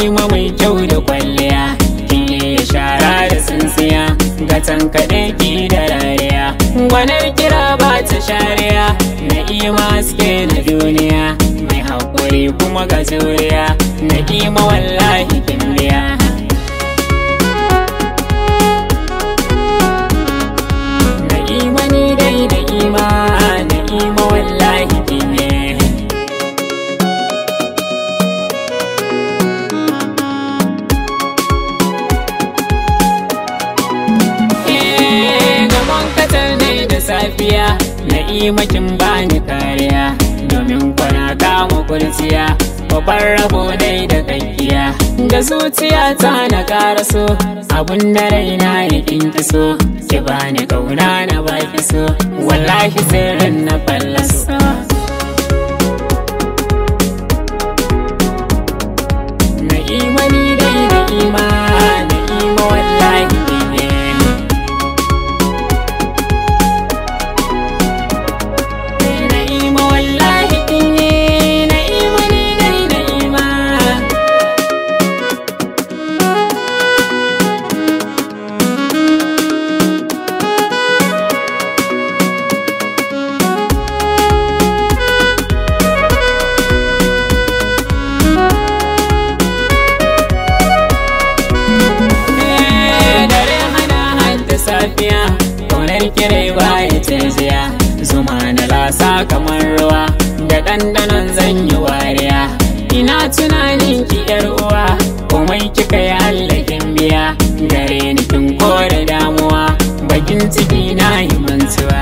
kwalima mai kyau da kwalliya kin ya shara da tsintsiya ga tanka ki da rariya gwanar kira ba ta shariya na ima suke na duniya mai haƙuri kuma ga zuriya na ima wallahi kin lafiya na'imakin bani kariya domin kwana kama kurciya babban rabo dai da kakkiya da zuciya ta na karaso abun da raina ya kinki so ki bani kauna na baki so wallahi sirrin na fallaso lafiya koren kire ba ya tejiya zuma da lasa kamar ruwa da ɗanɗanon zan yi wariya ina tunanin ki yar uwa komai kika yi allakin biya gare ni kore damuwa bakin ciki na yi mantuwa